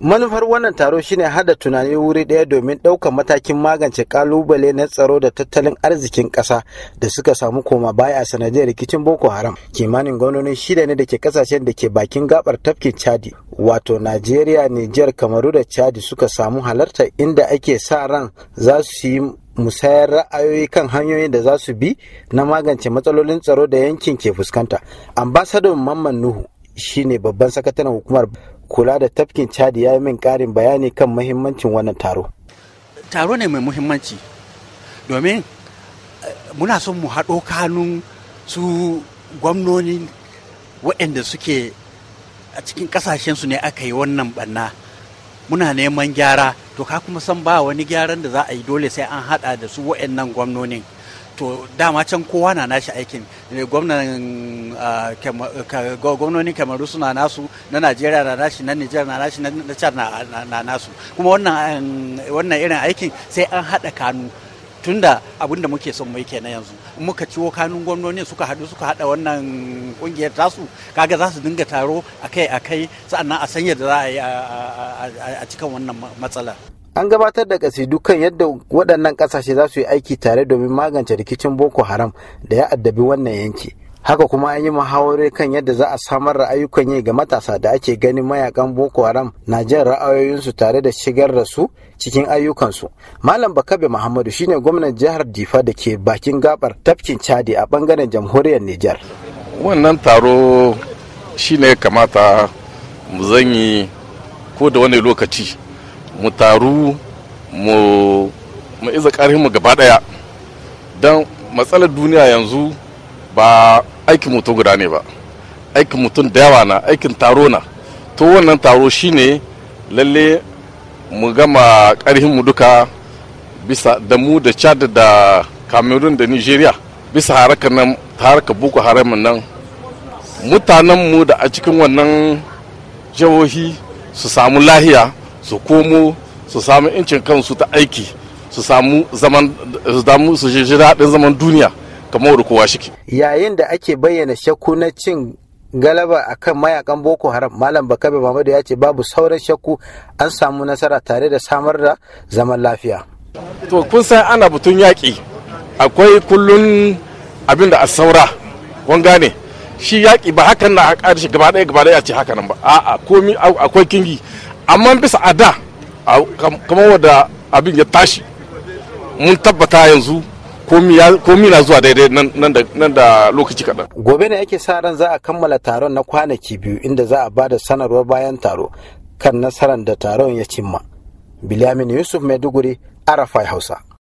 manufar wannan taro shine hada tunani wuri daya domin ɗaukar matakin magance kalubale na tsaro da tattalin arzikin ƙasa da suka samu koma baya a sanadiyar rikicin boko haram kimanin gwamnonin shida ne da ke kasashen da ke bakin gabar tafkin chadi wato najeriya niger kamaru da chadi suka samu halarta inda ake sa ran za su yi musayar ra'ayoyi kan hanyoyin da za su bi na magance matsalolin tsaro da yankin ke fuskanta ambasadon mamman nuhu shine babban sakataren hukumar kula da tafkin chadi ya yi min karin bayani kan muhimmancin wannan taro taro ne mai muhimmanci domin eh, muna son mu haɗo kanun su gwamnoni waɗanda suke a cikin ƙasashensu ne aka yi wannan banna muna neman gyara to ka kuma san ba wani gyaran da za a yi dole sai an haɗa da su waɗannan gwamnonin to dama can kowa na nashi aikin eh, ah, eh, gwamnonin kamaru suna nasu na najeriya na nashi na nijar na nashi na chad na nasu kuma wannan irin aikin sai an haɗa kanu tunda abin da muke son mai kenan yanzu muka ciwo kanun gwamnoni suka haɗu suka haɗa wannan kungiyar tasu kaga za su dinga taro akai akai sa'annan a sanya da za a yi a cikin wannan matsalar an gabatar da kasidu kan yadda waɗannan ƙasashe za su yi aiki tare domin magance rikicin boko haram da ya addabi wannan yanki haka kuma an yi muhawarai kan yadda za a samar da ayyukan yi ga matasa da ake ganin mayakan boko haram na jan ra'ayoyinsu tare da shigar da su cikin ayyukansu malam bakabe muhammadu shine gwamnan jihar difa da ke bakin gabar tafkin chadi a bangaren jamhuriyar nijar wannan taro shine kamata mu zanyi ko da wani lokaci mu taru mu iza mu gaba daya don matsalar duniya yanzu ba aikin mutum guda ne ba aikin mutum da yawa na aikin taro na to wannan taro shine lalle mu gama mu duka bisa da mu da chad da cameroon da nigeria bisa harakar nan ta harkar boko haram nan mutanenmu da a cikin wannan jihohi su samu lahiya su komo su samu incin kansu ta aiki su samu zaman su ji daɗin zaman duniya kamar da kowa shike yayin da ake bayyana shakku na cin galaba akan mayakan boko haram malam bakabe mamadu ya ce babu sauran shakku an samu nasara tare da samar da zaman lafiya to kun san ana butun yaƙi akwai kullun abin da a saura kun gane shi yaƙi ba hakan na a ƙarshe gaba ɗaya gaba ɗaya ce haka nan ba a'a komi akwai kingi amma bisa a da kamar wadda abin ya tashi mun tabbata yanzu komi na zuwa daidai nan da lokaci kaɗan. Gobe ne ake sa ran za a kammala taron na kwanaki biyu inda za a ba da sanarwar bayan taro kan nasarar da taron ya cimma. Bilyamin Yusuf Maiduguri, Arafai Hausa.